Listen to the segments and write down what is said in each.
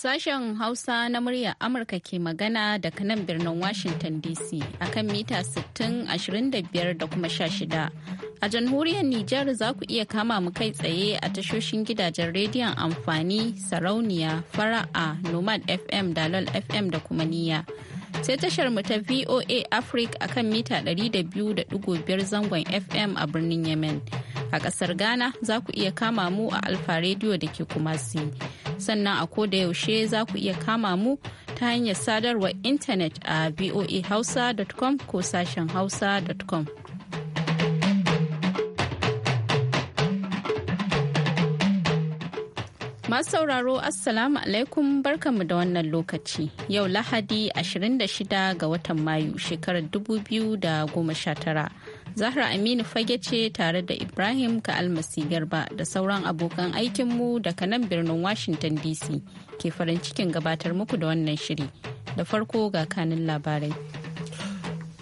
Sashen Hausa na murya Amurka ke magana daga nan birnin Washington DC akan mita 60, ashirin da kuma 16. A jamhuriyar Nijar za ku iya kama mu kai tsaye a tashoshin gidajen rediyon amfani, sarauniya, fara'a, Nomad FM, Dalol FM da kuma niyya. sai tashar mu ta VOA Africa akan mita 200.5 zangon FM a birnin Yemen. A ƙasar Ghana za ku iya kama mu a Alfa Radio da ke Kumasi. Sannan a ko da yaushe za ku iya kama mu ta hanyar sadarwar intanet a voahausa.com ko sashen hausa.com. Masu sauraro Assalamu alaikum barkanmu da wannan lokaci. Yau Lahadi 26 ga watan Mayu shekarar 2019. Zahra Aminu fage ce tare da Ibrahim ka almasi garba da sauran abokan aikinmu daga nan birnin Washington DC ke farin cikin gabatar muku da wannan shiri. Da farko ga kanin labarai.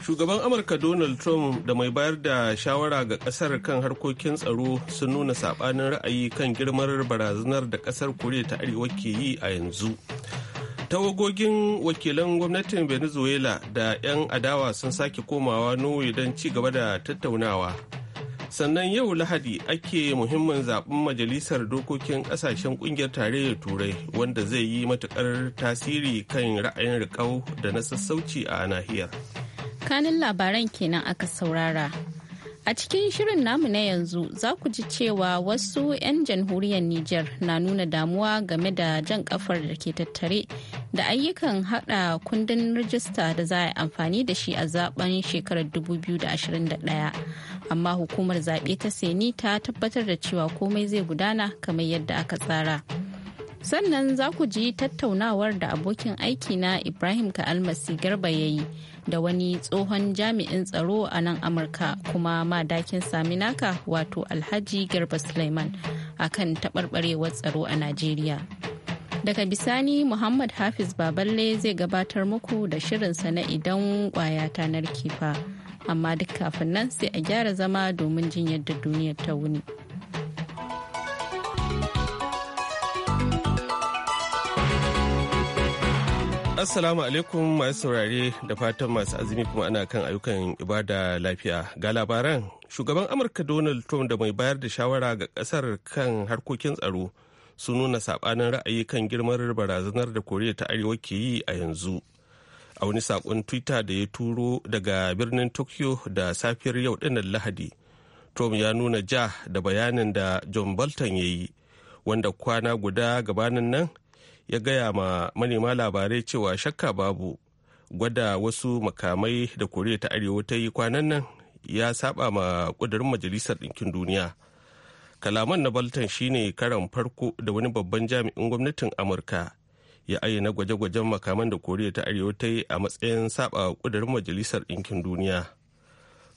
shugaban amurka donald trump da mai bayar da shawara ga kasar kan harkokin tsaro sun nuna saɓanin ra'ayi kan girmar barazanar da kasar koriya ta arewa ke yi a yanzu tawagogin wakilan gwamnatin venezuela da 'yan adawa sun sake komawa norway don ci gaba da tattaunawa sannan yau lahadi ake muhimmin zaben majalisar dokokin kasashen kungiyar tarayyar turai wanda zai yi matukar tasiri kan ra'ayin rikau da na sassauci a nahiyar kanin labaran kenan aka saurara A cikin shirin namu na yanzu za ku ji cewa wasu 'yan jamhuriyar Nijar na nuna damuwa game da jan kafar da ke tattare da ayyukan hada kundin rajista da za a amfani da shi a zaben shekarar 2021. Amma hukumar zaɓe ta Seni ta tabbatar da cewa komai zai gudana kamar yadda aka tsara. sannan za ku ji tattaunawar da abokin aiki na ibrahim almasi garba ya yi da wani tsohon jami'in tsaro a nan amurka kuma madakin saminaka wato alhaji garba suleiman kan taɓarɓarewar tsaro a najeriya daga bisani muhammad hafiz baballe zai gabatar muku da shirinsa na idan kwaya tanar kifa amma duk kafin nan sai a gyara zama domin jin yadda duniyar ta wuni. Assalamu alaikum masu saurare da fatan masu azumi kuma ana kan ayyukan ibada lafiya. Ga labaran, shugaban Amurka Donald Trump da mai bayar da shawara ga kasar kan harkokin tsaro su nuna sabanin ra'ayi kan girmar barazanar da Koriya ta Arewa ke yi a yanzu. A wani saƙon Twitter da ya turo daga birnin Tokyo da safiyar yau dinnan Lahadi, Trump ya nuna ja da bayanin da John Bolton ya yi, wanda kwana guda gabanin nan ya gaya ma manema labarai cewa shakka babu gwada wasu makamai da koriya ta arewa ta yi kwanan nan ya saba ma kudurin majalisar ɗinkin duniya kalaman na baltan shine karan farko da wani babban jami'in gwamnatin amurka ya ayyana gwaje-gwajen makaman da koriya ta arewa ta yi a matsayin saba kudurin majalisar ɗinkin duniya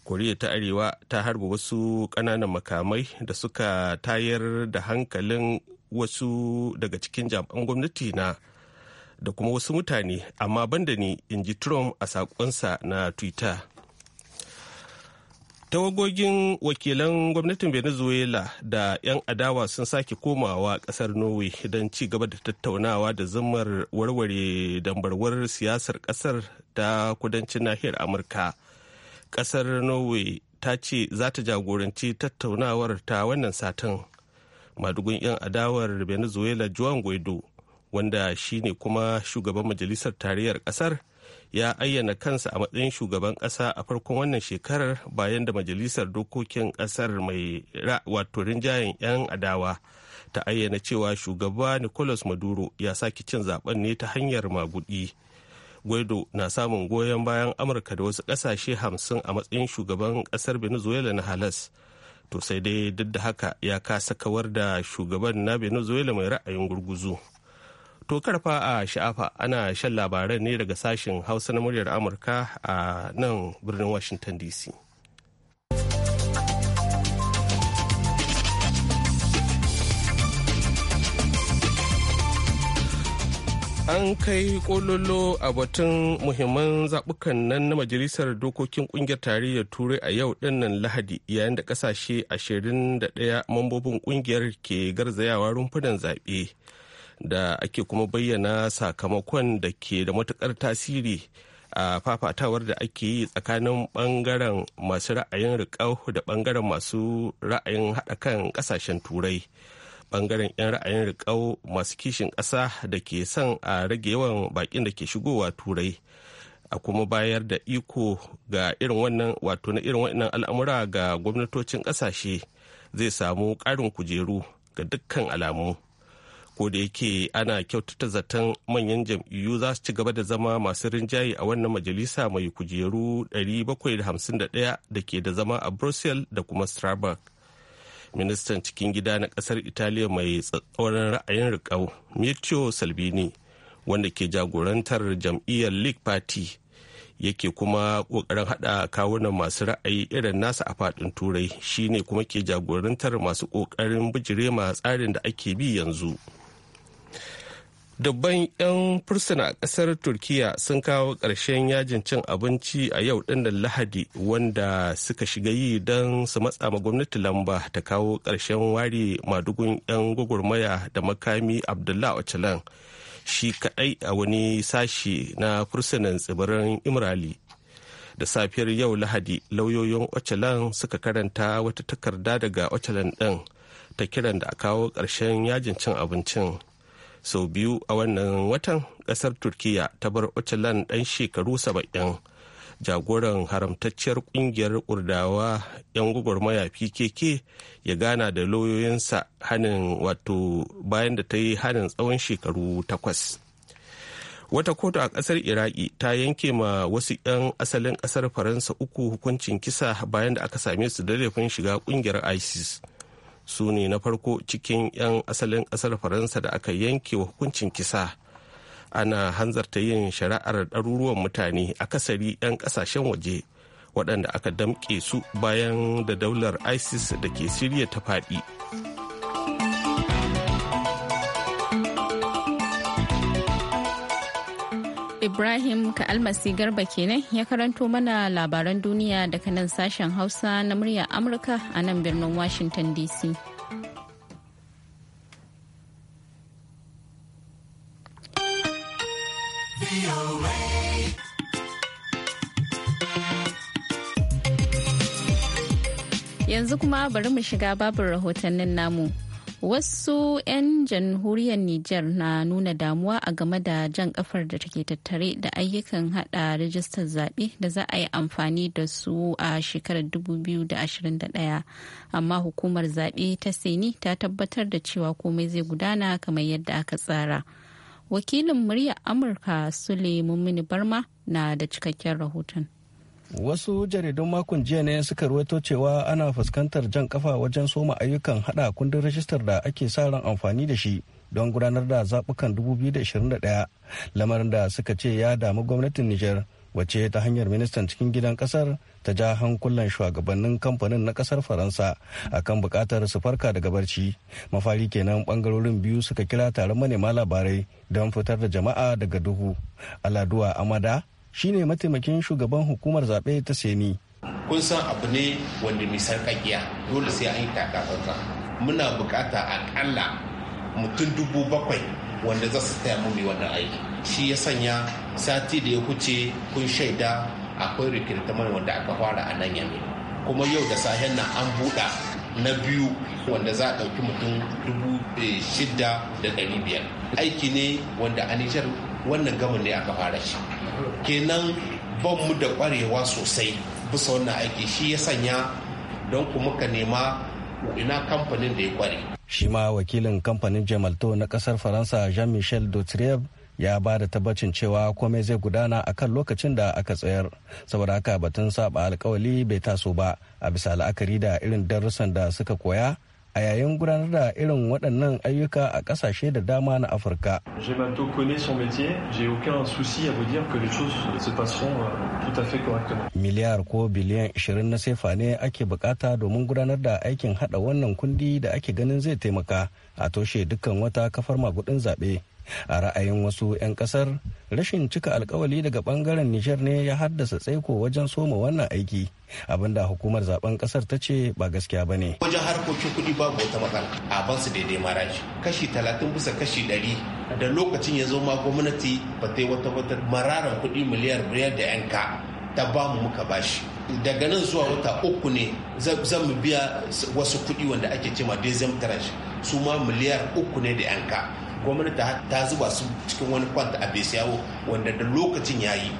koriya ta arewa ta harba wasu ƙananan makamai da suka tayar da hankalin wasu daga cikin jami'an gwamnati na da kuma wasu mutane amma banda ni in ji trump a saƙonsa na twitter tawagogin wakilan gwamnatin venezuela da 'yan adawa sun sake komawa kasar norway don ci gaba da tattaunawa da zammar warware dambarwar siyasar kasar ta kudancin nahiyar amurka kasar norway ta ce za ta jagoranci tattaunawar ta wannan satin madugun 'yan adawar venezuela juan guaido wanda shine kuma shugaban majalisar tarayyar kasar ya ayyana kansa a matsayin shugaban kasa a farkon wannan shekarar bayan da majalisar dokokin kasar mai wato rinjayen 'yan adawa ta ayyana cewa shugaba nicolas maduro ya sake cin zaben ne ta hanyar magudi guaido na samun goyon bayan amurka da wasu kasashe hamsin a matsayin shugaban kasar venezuela na halas to sai dai duk da haka ya kasa kawar da shugaban na venezuela mai ra'ayin gurguzu to karfa a sha'afa ana shan labaran ne daga sashen hausa na muryar amurka a nan birnin washington dc an kai kololo a batun muhimman zaɓukan nan na majalisar dokokin ƙungiyar tarayyar turai a yau dinnan lahadi yayin da ƙasashe 21 mambobin ƙungiyar ke garzayawa rumfunan zaɓe da ake kuma bayyana sakamakon da ke da matukar tasiri a fafatawar da ake yi tsakanin ɓangaren masu ra'ayin riƙau da ɓangaren masu ra'ayin haɗa kan ƙasashen turai. bangaren 'yan ra'ayin riƙau masu kishin ƙasa da ke son a rage yawan baƙin da ke shigowa turai a kuma bayar da iko ga irin wannan wato na irin wannan al'amura ga gwamnatocin ƙasashe zai samu ƙarin kujeru ga dukkan alamu ko da yake ana kyautata zaton manyan jam'iyyu za su ci gaba da zama masu rinjaye a wannan majalisa mai kujeru 751 da ke da zama a brussels da kuma strasbourg ministan cikin gida na kasar italiya mai tsatsauran ra'ayin rikau matteo salvini wanda ke jagorantar jam'iyyar league party yake kuma kokarin hada kawunan masu ra'ayi irin nasa a fadin turai shine kuma ke jagorantar masu kokarin bijire tsarin da ake bi yanzu dubban 'yan fursuna a kasar turkiya sun kawo ƙarshen yajin cin abinci a yau ɗinnan lahadi wanda suka shiga yi don su matsa ma gwamnati lamba ta kawo ƙarshen ware madugun 'yan gwagwarmaya da makami abdullah ocalan shi kaɗai a wani sashi na fursunan tsibirin imrali da safiyar yau lahadi lauyoyin ocalan suka karanta wata takarda daga ocalan ɗin ta kiran da a kawo ƙarshen yajin cin abincin sau biyu a wannan watan kasar turkiya ta bar ocalan dan shekaru saba'in jagoran haramtacciyar kungiyar kurdawa yan gwagwarmaya pkk ya gana da lauyoyinsa hannun wato bayan da ta yi hannun tsawon shekaru takwas wata kotu a kasar iraki ta yanke ma wasu 'yan asalin kasar faransa uku hukuncin kisa bayan da aka same su da laifin shiga kungiyar isis su ne na farko cikin 'yan asalin ƙasar faransa da aka yanke wa hukuncin kisa ana hanzarta yin shari'ar ɗaruruwan mutane a akasari 'yan ƙasashen waje waɗanda aka damƙe su bayan da daular isis da ke siriya ta faɗi Ibrahim Ka'almasi Garba kenan ya karanto mana labaran duniya daga nan sashen Hausa na murya Amurka a nan birnin Washington DC. Yanzu kuma bari mu shiga babin rahotannin namu. wasu 'yan jamhuriyar niger na nuna damuwa a game da jan kafar da take tattare da ayyukan hada rajistar zaɓe da za a yi amfani da su a shekarar 2021 amma hukumar zaɓe ta seni ta tabbatar da cewa komai zai gudana kamar yadda aka tsara wakilin muryar amurka sule mummini barma na da cikakken rahoton wasu jaridun makon jiya ne suka ruwaito cewa ana fuskantar jan kafa wajen soma ayyukan hada kundin rajistar da ake sa ran amfani da shi don gudanar da zabukan 2021 lamarin da suka ce ya damu gwamnatin niger wace ta hanyar ministan cikin gidan kasar ta ja hankulan shugabannin kamfanin na kasar faransa akan bukatar su farka daga barci mafari kenan bangarorin biyu suka kira taron manema labarai don fitar da jama'a daga duhu aladuwa amada shine mataimakin shugaban hukumar zaɓe ta seni kun san abu ne wanda mai sarƙaƙiya dole sai an yi takatsantsa muna bukata aƙalla mutum dubu bakwai wanda za su taya mu wannan aiki shi ya sanya sati da ya huce kun shaida akwai rikirtamar wanda aka fara a nan yami kuma yau da sahen nan an buɗa na biyu wanda za a ɗauki mutum dubu eh, shida da ɗari biyar aiki ne wanda a nijar wannan gamin ne aka fara shi kenan ban mu da kwarewa sosai bisa wannan aiki shi ya sanya don ku muka nema ina kamfanin da ya kware shi ma wakilin kamfanin jamalto na kasar faransa jean-michel dautrieve ya ba da tabbacin cewa komai zai gudana a kan lokacin da aka tsayar saboda haka batun saba alkawali bai taso ba a bisa la'akari da irin darussan da suka koya a yayin gudanar da irin waɗannan ayyuka a ƙasashe da dama na afirka euh, miliyar ko biliyan 20 na sefa ne ake bukata domin gudanar da aikin hada wannan kundi da ake ganin zai taimaka a toshe dukkan wata kafar magudin zaɓe a ra'ayin wasu 'yan kasar rashin cika alkawali daga bangaren nijar ne ya haddasa tsaiko wajen soma wannan aiki abinda hukumar zaben kasar ta ce ba gaskiya ba ne wajen harkokin kuɗi babu wata matsala a ban su daidai maraji kashi talatin bisa kashi ɗari da lokacin ya zo ma gwamnati ba ta yi wata wata mararan kuɗi miliyar biliyar da 'yan ka ta ba mu muka bashi daga nan zuwa wata uku ne zan mu biya wasu kuɗi wanda ake cema dezem tranche su ma miliyar uku ne da 'yan gwamnati ta zuba su cikin wani kwanta a besiyawo wanda da lokacin ya yi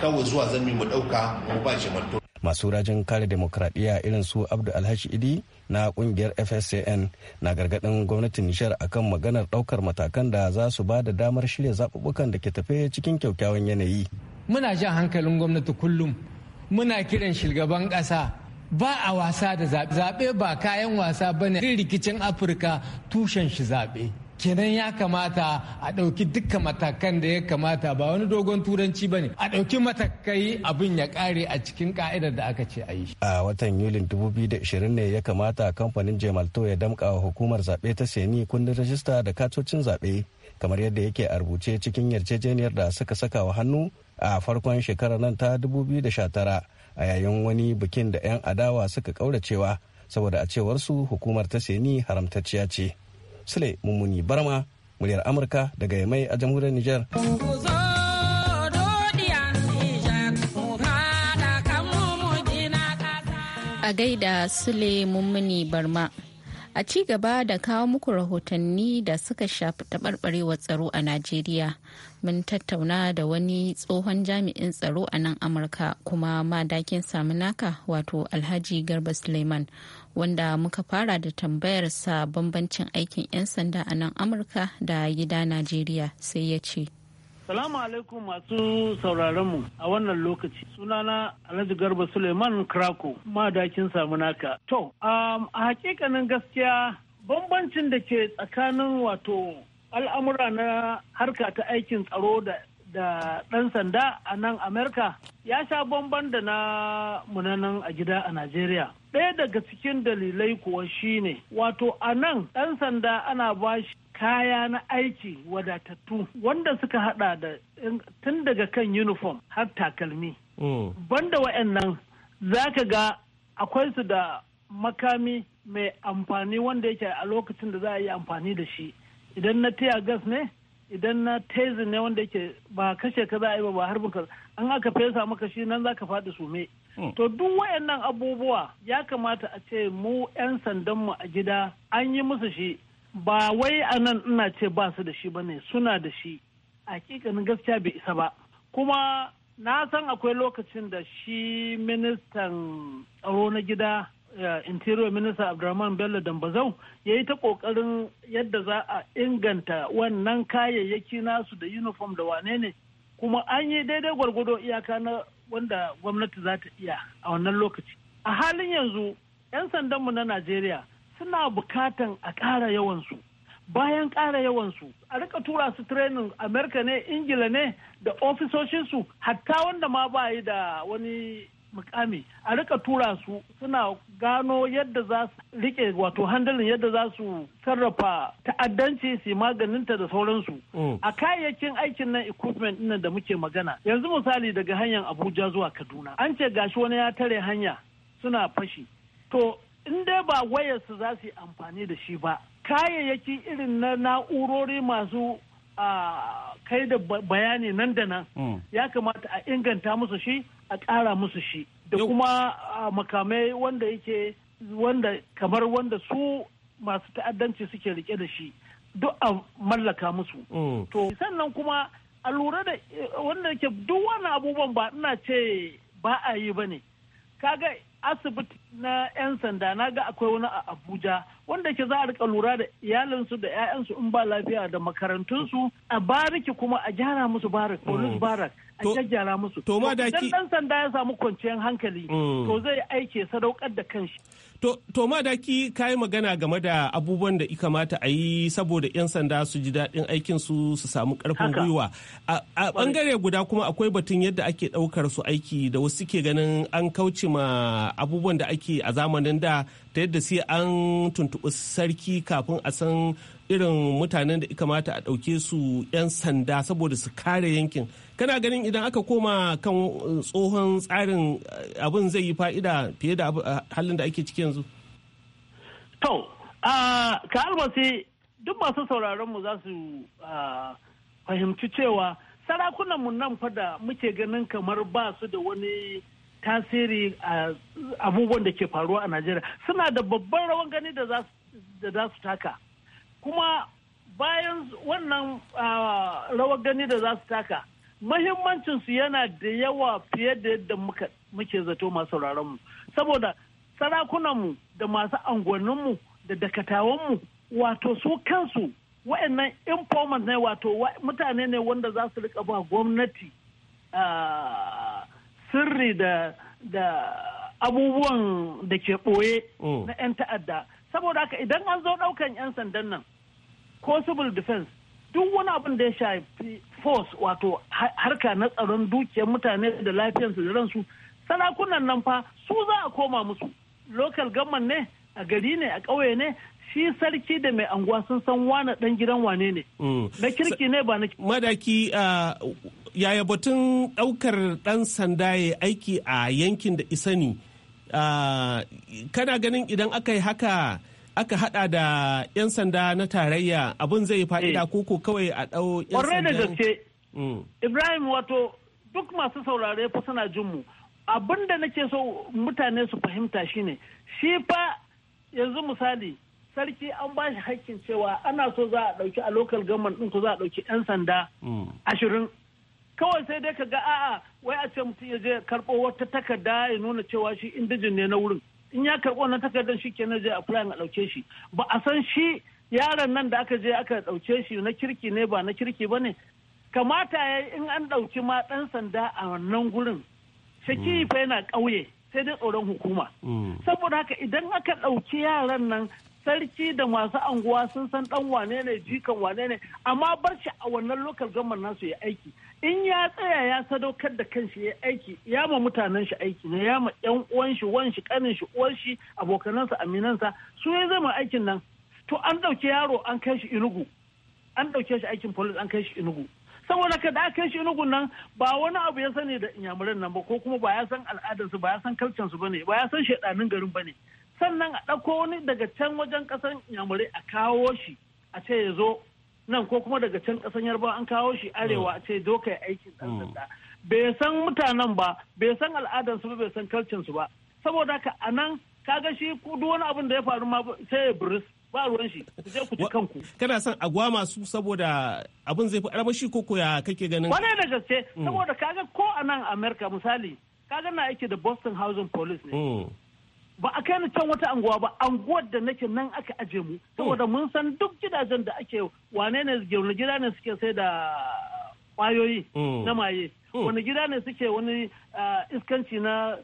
kawai zuwa zami mu dauka mu ba shi manto. masu rajin kare demokradiyya irin su abdu alhashi idi na kungiyar fscn na gargadin gwamnatin nishar akan maganar daukar matakan da za su ba da damar shirya zaɓuɓɓukan da ke tafe cikin kyaukyawan yanayi muna jan hankalin gwamnati kullum muna kiran shugaban ƙasa ba a wasa da zaɓe zaɓe ba kayan wasa ba ne rikicin afirka tushen shi zaɓe kenan ya kamata a ɗauki dukkan matakan da ya kamata ba wani dogon turanci ba ne a ɗauki matakai abin ya ƙare a cikin ka'idar da aka ce a yi. a watan yulin 2020 ne ya kamata kamfanin jemalto ya damƙa wa hukumar zaɓe ta seni kundin rajista da katocin zaɓe kamar yadda yake a rubuce cikin yarjejeniyar da suka saka wa hannu a farkon shekarar nan ta 2019 a yayin wani bikin da 'yan adawa suka ƙauracewa saboda a cewarsu hukumar ta seni haramtacciya ce. Sule Mummuni Barma, muryar Amurka daga Yamai a jamhuriyar Nijar. A gaida Sule Mummuni Barma. a ci gaba da kawo muku rahotanni da suka shafi taɓarɓarewar tsaro a najeriya mun tattauna da wani tsohon jami'in tsaro a nan amurka kuma madakin samunaka wato alhaji garba suleiman wanda muka fara da tambayar sa bambancin aikin 'yan sanda a nan amurka da gida najeriya sai ya ce Salamu alaikum masu mu. a wannan lokaci. Sunana Alhaji Garba Suleiman Krako, madakin samunaka. To, um, a hakikanin gaskiya bambancin da ke tsakanin wato al'amura na harka ta aikin tsaro da da ɗan sanda a nan Amerika ya sha bamban da na munanan a gida a Najeriya. Ɗaya daga cikin dalilai kuwa shine wato a nan ɗan sanda ana bashi. kaya na aiki wadatattu wanda suka hada da tun daga kan uniform har takalmi. Mm. Banda wa'annan za ka ga akwai su da makami mai amfani wanda yake a lokacin da za a yi amfani da shi. Idan na tiya gas ne, idan na tezi ne wanda yake ba kashe ka za a yi ba ba ka an aka fesa maka shi nan za ka faɗi sume. Mm. To duk wayannan abubuwa ya kamata a ce mu 'yan sandanmu a gida an yi musu shi ba wai a nan ina ce ba su da shi ba ne suna da shi hakikanin gaskiya bai isa ba kuma na san akwai lokacin da shi ministan tsaro na gida interior minister abdurrahman bello dambazau ya yi ta kokarin yadda za a inganta wannan kayayyaki nasu da uniform da wane ne kuma an yi daidai gwargwado iyaka na wanda gwamnati za ta iya a wannan lokaci a halin yanzu 'yan sandanmu na najeriya suna bukatan a ƙara yawansu bayan ƙara yawansu a rika tura su training amerika ne ingila ne da ofisoshinsu hatta wanda ma ba yi da wani mukami a rika tura su suna gano yadda za su rike wato handalin yadda za su sarrafa ta'addanci su maganinta da sauransu mm. a kayayyakin aikin nan equipment ɗin da muke magana yanzu misali daga hanyar abuja zuwa kaduna an ce gashi wani ya tare hanya suna fashi to in dai ba wayarsu za su yi amfani da shi ba kayayyaki irin na na'urori masu kai da bayani nan da nan hmm. ya kamata a inganta musu shi a ƙara musu shi da kuma makamai wanda yake wanda kamar wanda su masu ta'addanci suke rike da shi duk a mallaka musu hmm. to sannan kuma a lura da e, wanda yake duk wani abubuwan ba ina ce ba a yi ba ne kaga asibiti na 'yan sanda na ga akwai wani a abuja wanda ke za a rika lura da iyalinsu da 'ya'yansu in ba lafiya da makarantunsu a bariki kuma a gyara musu barak mm. polis barak a gyaggyara musu to ma dan sanda ya samu kwanciyar hankali mm. to zai aike sadaukar da kanshi To da ka yi magana game da abubuwan da ya kamata a yi saboda 'yan sanda su ji daɗin aikin su su samu karfin gwiwa. A ɓangare guda kuma akwai batun yadda ake ɗaukar su aiki da wasu ke ganin an kauce ma abubuwan da ake a zamanin da ta yadda sai an tuntuɓi sarki kafin a san irin mutanen da kamata a ɗauke su 'yan sanda saboda su kare yankin kana ganin idan aka koma kan eh, tsohon tsarin eh, abin zai yi fa'ida fiye da eh, halin da ake ciki yanzu to ka almasi duk masu sauraron mu za su fahimci cewa sarakunan mu nan fa da muke ganin kamar ba su da wani tasiri a abubuwan da ke faruwa a najeriya suna da babban rawan gani da za su taka kuma bayan wannan ah, rawar gani da za su taka mahimmancinsu yana da yawa fiye da yadda muke zato masu mu saboda sarakunanmu da masu angoninmu da dakatawanmu wato su kansu wa'annan informant ne wato mutane ne wanda za su rika ba gwamnati ah, sirri da abubuwan da ke ɓoye oh. na 'yan ta'adda saboda haka idan an zo ɗaukan 'yan sandan nan ko civil defense duk wani abin da ya shafi force wato harka na tsaron dukiyar mutane da lafiyarsu da ransu sarakunan nan fa su za a koma musu local government ne a gari ne a ƙauye ne shi sarki da mai anguwa sun san wane dan gidan wane ne mm. na kirki ne ba na madaki uh, yaya batun ɗaukar ɗan sanda ya aiki a yankin da isani uh, kana ganin idan aka yi haka aka hada da 'yan sanda na tarayya abun zai fa'ida eh. kuku kawai a ɗau 'yan sanda. gaske mm. ibrahim wato duk masu saurare fa suna jin mu abin da nake so mutane su fahimta shine shi fa yanzu misali sarki an ba shi hakkin cewa ana so za a ɗauki a local government ɗin ko za a ɗauki 'yan sanda mm. ashirin kawai sai dai ka ga a'a wai a ce mutum ya je karɓo wata takarda ya nuna cewa shi indijin ne na wurin in ya karɓi wannan takardar shi kenan zai apply a ɗauke shi ba a san shi yaron nan da aka je aka ɗauke shi na kirki ne ba na kirki ba ne kamata ya in an ɗauki ma ɗan sanda a wannan gurin shaki mm. fa yana ƙauye sai dai tsoron hukuma mm. saboda haka idan aka ɗauki yaran nan sarki da masu anguwa sun san dan wane ne jikan wane ne amma barci a wannan lokal gamar nasu ya aiki in ya tsaya ya sadaukar da kanshi ya aiki ya ma mutanen shi aiki ne ya ma yan uwan shi wan shi kanin shi uwar shi abokanansa aminansa su ya zama aikin nan to an dauke yaro an kai shi inugu an dauke shi aikin police an kai shi inugu saboda kada da kai shi inugun nan ba wani abu ya sani da inyamuran nan ba ko kuma ba ya san al'adarsu ba ya san kalcansu ba ne ba ya san shaidanin garin ba ne sannan a ɗauko wani daga can wajen ƙasar yamurai a kawo shi a ce ya zo nan ko kuma daga can ƙasar yarbawa an kawo shi arewa a ce doka ya aikin ɗan mm. sanda bai san mutanen ba bai san al'adarsu ba bai san su ba saboda haka a nan kaga shi duk wani abin da ya faru ma sai ya buris ba ruwan shi ku je ku ci kanku kana son a gwama su saboda abin zai fi shi ko ya kake ganin wani da gaske mm. saboda kaga ko a nan america misali kaga na aiki da boston housing police ne mm. ba a kai ni can wata anguwa ba anguwar da nake nan aka aje mu hmm. saboda mun san duk gidajen da ake wane ne gida ne suke sai da kwayoyi hmm. na maye hmm. wani gida ne suke wani ah, iskanci na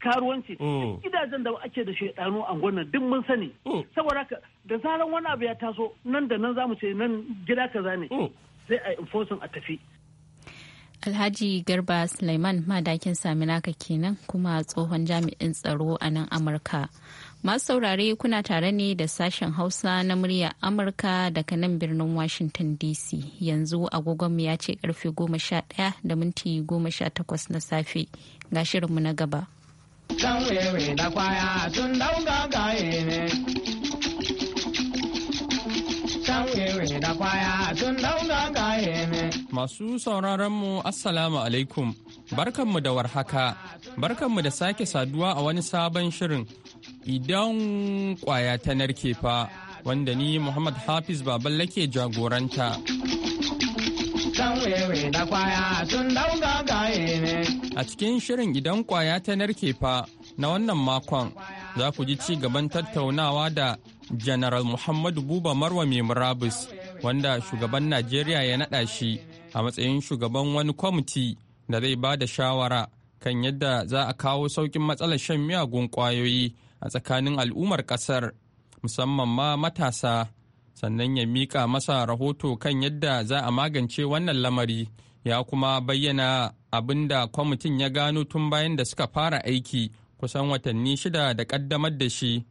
karuwanci gidajen da ake da shaidanu a nan duk mun sani saboda ka da zaran wani abu ya taso nan da nan za mu ce nan gida kaza ne sai a enforcing a tafi Alhaji Garba Suleiman madakin Saminaka kenan kuma tsohon jami'in tsaro a nan Amurka. Masu saurare kuna tare ne da sashen Hausa na murya Amurka daga nan birnin Washington DC. Yanzu agogonmu ya ce karfe goma sha ɗaya da minti goma sha-takwas na safe ga shirinmu na gaba. Masu sauraronmu Assalamu alaikum, barkanmu da warhaka, barkanmu da sake saduwa a wani sabon shirin idan kwaya ta narke fa wanda ni Muhammad Hafiz Baballe lake jagoranta. A cikin shirin idan kwaya ta narke fa na wannan makon za ku ji ci gaban tattaunawa da General Muhammadu Buba Marwa mai murabus wanda shugaban Najeriya ya naɗa shi a matsayin shugaban wani kwamiti da zai ba da shawara kan yadda za a kawo saukin matsalar shan miyagun kwayoyi a tsakanin al'ummar ƙasar musamman ma matasa sannan ya mika masa rahoto kan yadda za a magance wannan lamari ya kuma bayyana abin da kwamitin ya gano tun bayan da suka fara aiki kusan watanni shida da ƙaddamar da shi.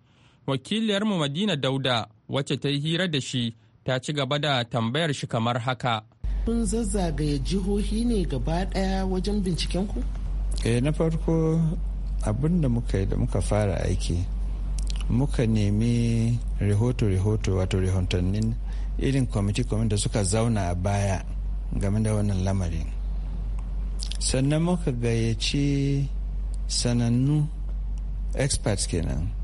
wakiliyar mu madina dauda wacce ta yi hira da shi ta ci gaba da tambayar shi kamar haka kun zazzagaya jihohi ne gaba daya wajen binciken ku eh na farko abin da muka da muka fara aiki muka nemi rahoto-rahoto wato rahotannin irin kwamiti-kwamiti da suka zauna a baya game da wannan lamarin sannan muka gayyaci sanannu experts kenan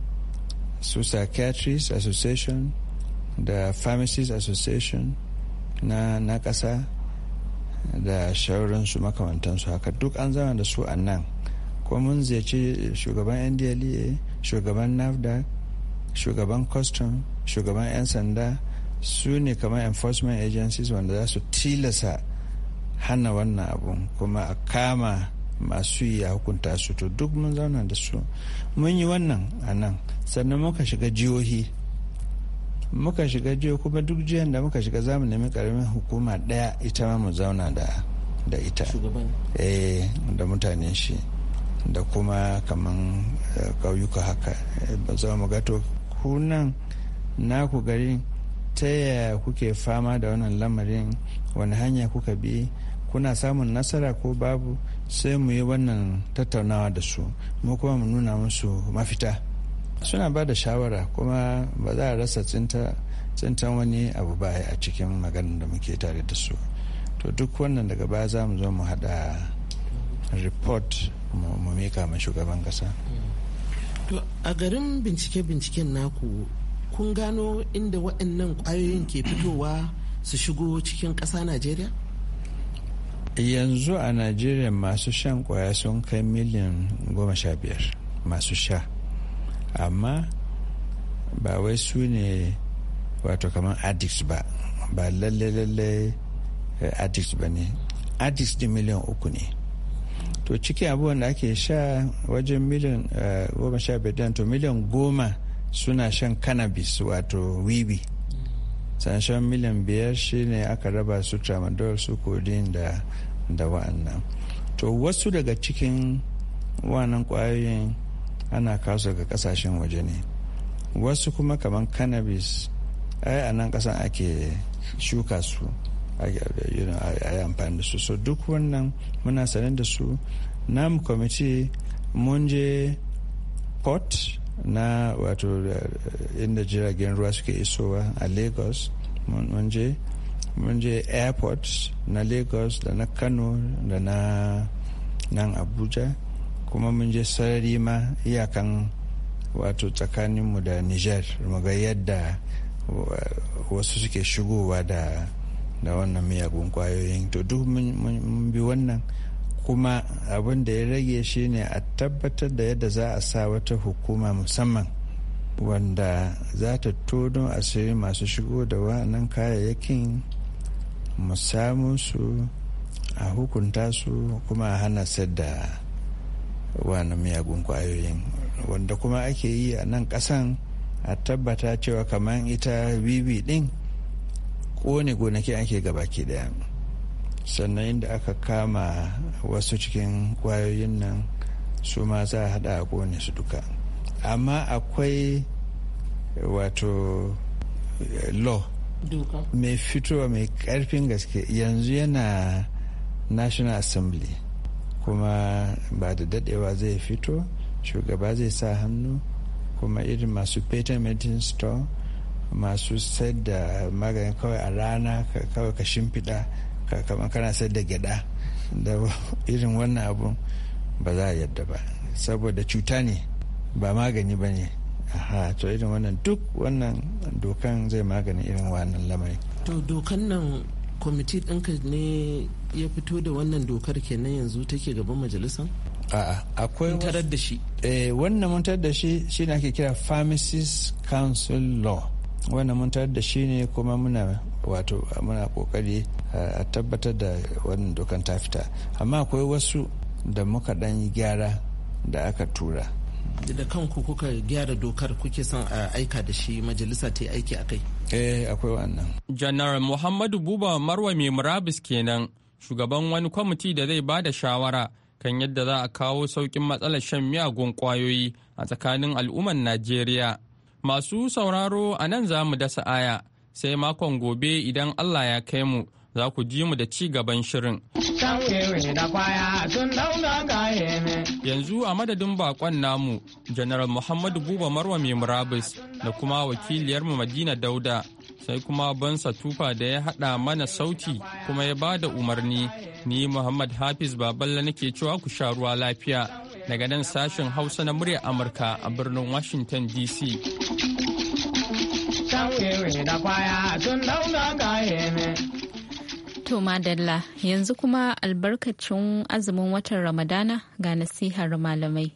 su psychiatrists association da pharmacists association na na ƙasa da shauransu makamantansu haka duk an zama da su a nan mun ziyarci shugaban ndla e shugaban nafdac shugaban custom shugaban 'yan sanda su ne kamar enforcement agencies wanda za su tilasa hana wannan abun kuma a kama masu yi hukunta su to duk mun zauna da su mun yi wannan a nan sannan muka shiga jihohi muka shiga jiho kuma duk jihar da muka shiga zamu nemi karamin hukuma daya ita ma mu zauna da da ita eh da mutanen shi da kuma kaman kauyuka eh, haka eh, ba za mu gato kunan naku gari ta yaya kuke fama da wannan lamarin wani hanya kuka bi kuna samun nasara ko babu sai mu yi wannan tattaunawa da su mu kuma mu nuna musu mafita suna ba da shawara kuma ba za a rasa tsintan wani abu ba a cikin maganin da muke tare da su to duk wannan daga baya za mu zo mu hada report mu mika ma shugaban kasa to a garin bincike-binciken naku kun gano inda waɗannan kwayoyin ke fitowa su shigo cikin ƙasa najeriya yanzu a najeriya masu shan kwaya sun kai miliyan goma sha biyar masu sha amma ba wai su ne wato kamar addicts ba ba lalle lalle eh, addicts ba ne addicts din miliyan uku ne to ciki abubuwan da ake sha wajen miliyan eh, goma sha biyar to miliyan goma suna shan cannabis wato wiwi sashen miliyan biyar shine aka raba su tramadol su codeine da da wa'annan to wasu daga cikin wannan kwayoyin ana kasu ga kasashen waje ne wasu kuma kamar cannabis ai a nan kasan ake shuka su a yi amfani da su so duk wannan muna sanin da su namu kwamiti mun je port na wato eh, inda jiragen ruwa suke isowa a lagos mun je na lagos da na kano da na nan abuja kuma mun je sarari ma iyakan wato tsakaninmu da niger muga yadda eh, wasu suke shigowa da da wannan miyagun kwayoyin to duk mun bi wannan kuma abin da ya rage shi ne a tabbatar da yadda za a sa wata hukuma musamman wanda za ta tono asiri masu shigo da wannan kayayyakin mu su a hukunta su kuma a hana da wani miyagun kwayoyin wanda kuma ake yi a nan kasan a tabbata cewa kamar ita bibi din kone gonaki ake gabaki daya sannan inda aka kama wasu cikin kwayoyin nan su ma za a hada a kone su duka amma akwai wato law mai fitowa mai karfin gaske yanzu yana national assembly kuma ba da dadewa zai fito shugaba zai sa hannu kuma irin masu patent medicine store masu sayar da maganin kawai a rana kawai ka shimfiɗa kamar kana sayar da gyada da irin wannan abun ba za a yadda ba saboda cuta ne ba magani ba ne aha to irin wannan duk wannan dokan zai magani irin wannan lamari to dokan nan kwamiti ɗinka ne ya fito da wannan dokar kenan yanzu take gaban majalisan. a'a akwai tarar da shi eh wannan mun tarar da shi shine ake kira pharmacist council law wannan mun tarar da shi ne kuma muna wato muna kokari a tabbatar da wannan dokan ta fita amma akwai wasu da muka dan yi gyara da aka tura da kanku kuka gyara dokar kuke son a aika da shi majalisa ta yi aiki a kai eh akwai wannan janar muhammadu buba marwa mai murabus kenan shugaban wani kwamiti da zai ba da shawara kan yadda za a kawo saukin matsalar shan miyagun kwayoyi a tsakanin al'ummar najeriya masu sauraro a nan za mu dasa aya sai makon gobe idan allah ya kai mu za ku ji mu da ci gaban shirin. Yanzu a madadin bakon namu, General Muhammadu Buba Marwa mai murabus da kuma wakiliyarmu Madina Dauda, sai kuma Bansa Tufa da ya haɗa mana sauti kuma ya ba da umarni. Ni Muhammad Hafiz Baballa nake cewa ku sha ruwa lafiya daga nan sashen Hausa na muryar Amurka a birnin Washington DC. Sauke da kwaya sun dauna To madalla yanzu kuma albarkacin azumin watan Ramadana ga nasihar malamai.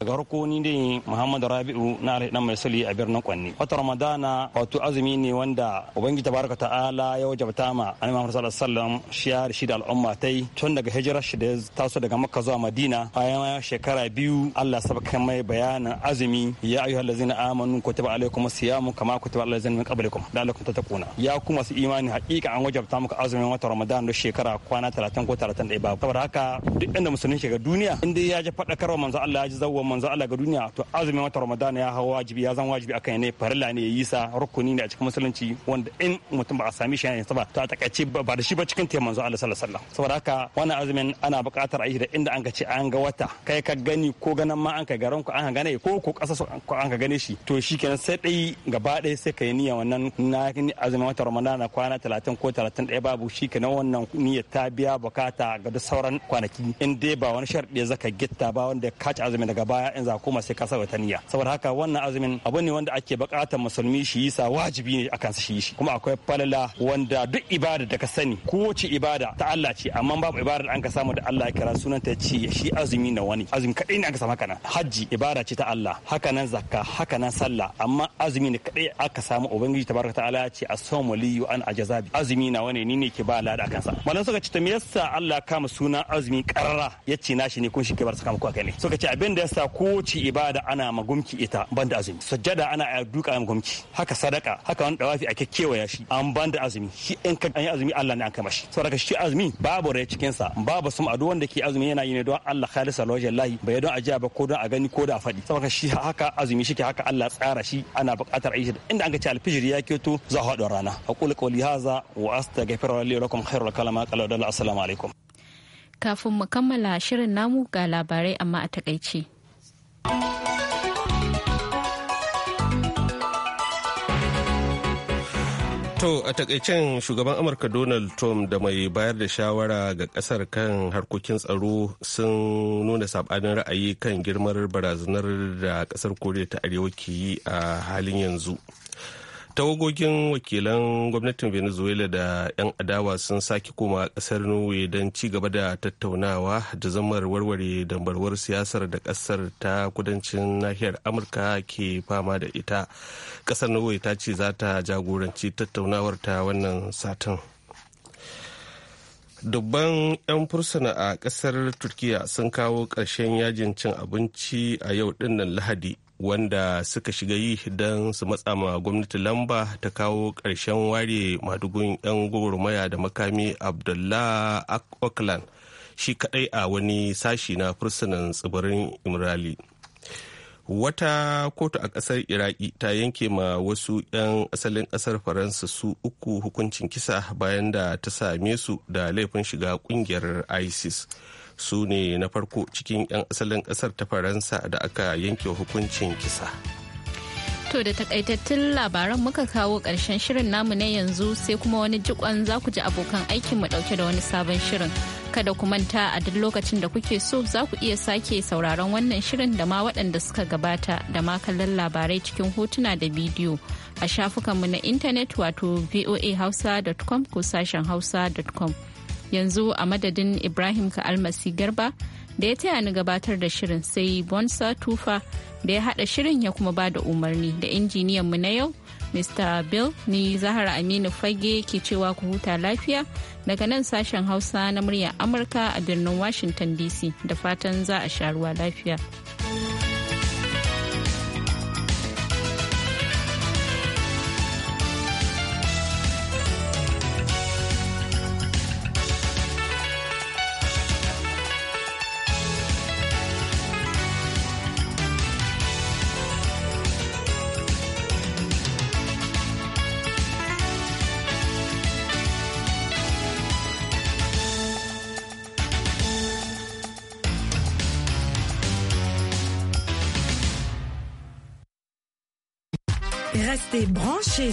daga harko ni dai muhammadu rabi'u na dan mai sali a birnin kwanni wata ramadana wato azumi ne wanda ubangiji tabaraka ta'ala ya wajabta ma annabi muhammad sallallahu alaihi wasallam shi ya rishi da al'umma tai tun daga hijirar shi da ya taso daga makka zuwa madina bayan shekara biyu allah sabaka mai bayanin azumi ya ayyuha allazina amanu kutiba alaikum siyamu kama kutiba allazina min qablikum la'allakum tattaquna ya ku masu imani hakika an wajabta muku azumin wata ramadana da shekara kwana 30 ko 31 babu saboda haka duk inda musulmi shiga duniya inda ya ji faɗakarwa manzo Allah ya ji zawwa dawowar manzo Allah ga duniya to azumin wata Ramadan ya hawa wajibi ya zan wajibi akan ne farilla ne yi sa rukuni ne a cikin musulunci wanda in mutum ba a sami shi yayin ba to a takaice ba da shi ba cikin manzo Allah sallallahu alaihi wasallam saboda haka wannan azumin ana buƙatar a yi da inda an ka ce an ga wata kai ka gani ko ganan ma an ka garan ku an gane ko ko ƙasa ko an ka gane shi to kenan sai dai gaba ɗaya sai ka yi niyya wannan na azumin wata Ramadan na kwana 30 ko 31 babu kenan wannan niyyar ta biya bukata ga duk sauran kwanaki in dai ba wani sharɗi zaka gitta ba wanda ka ci azumin daga baya in za koma sai ka sa wata niyya saboda haka wannan azumin abu ne wanda ake bukatar musulmi shi yi sa wajibi ne akan shi yi shi kuma akwai falala wanda duk ibada da ka sani kowace ibada ta Allah ce amma babu ibada da an ka samu da Allah ya kira sunan ta ce shi azumi na wani azumi kadai ne an samu kana hajji ibada ce ta Allah haka nan zakka haka nan sallah amma azumi ne kadai aka samu ubangiji tabaraka ta'ala ya ce as-sawmu li an ajazabi azumi na wani ni ne ke ba lada akan sa malan suka ce ta me yasa Allah kama suna azumi karara yace shi ne kun shi ke bar saka muku ne suka ce abin da yasa yasa kowace ibada ana magumki ita banda azumi sajjada ana a duka magumki haka sadaka haka wani dawafi a kekkewaya shi an banda azumi shi in ka yi azumi Allah ne an kama shi saboda shi azumi babu rai cikin sa babu sum adu wanda ke azumi yana yi ne don Allah khalisa lahi bai don ajiya ba ko don a gani ko da a faɗi saboda shi haka azumi shi haka Allah tsara shi ana buƙatar aisha inda an ga ce alfijir ya keto za a haɗa rana aqul qawli hadha wa astaghfiru li lakum khairul kalama qala assalamu alaikum kafin mu kammala shirin namu ga labarai amma a takaice. To a takaicen shugaban Amurka Donald Trump da mai bayar da shawara ga kasar kan harkokin tsaro sun nuna sabanin ra'ayi kan girmar barazanar da kasar Koriya ta Arewa ke yi a halin yanzu. tawagogin wakilan gwamnatin venezuela da 'yan adawa sun sake koma kasar norway don ci gaba da tattaunawa da zamar warware dambarwar siyasar da kasar ta kudancin nahiyar amurka ke fama da ita kasar norway ta ce za ta jagoranci tattaunawar ta wannan satin dubban 'yan fursuna a kasar turkiya sun kawo ƙarshen yajin cin abinci a yau dinnan lahadi wanda suka shiga yi don su matsa ma gwamnati lamba ta kawo ƙarshen ware madugun 'yan gwagwarmaya da makami abdullah auckland shi kadai a wani sashi na fursunan tsibirin imrali wata kotu a ƙasar iraki ta yanke ma wasu 'yan asalin ƙasar faransa su uku hukuncin kisa bayan da ta same su da laifin shiga ƙungiyar isis su ne na farko cikin 'yan asalin ƙasar ta faransa da aka yanke hukuncin kisa to da takaitattun labaran muka kawo ƙarshen shirin namu na yanzu sai kuma wani jikon za ku ji abokan aikin mu ɗauke da wani sabon shirin kada ku manta a duk lokacin da kuke so za ku iya sake sauraron wannan shirin da ma waɗanda suka gabata da ma kallon labarai cikin hotuna da bidiyo a shafukanmu na intanet wato voahausa.com ko sashen hausa.com yanzu a madadin ibrahim ka'almasi garba da ya taya ni gabatar da shirin sai bonsa tufa da ya hada shirin ya kuma ba da umarni da injiniyan mu na yau mr bill ni zahara aminu fage ke cewa ku huta lafiya daga nan sashen hausa na muryar amurka a birnin washington dc da fatan za a sha ruwa lafiya. Restez branchés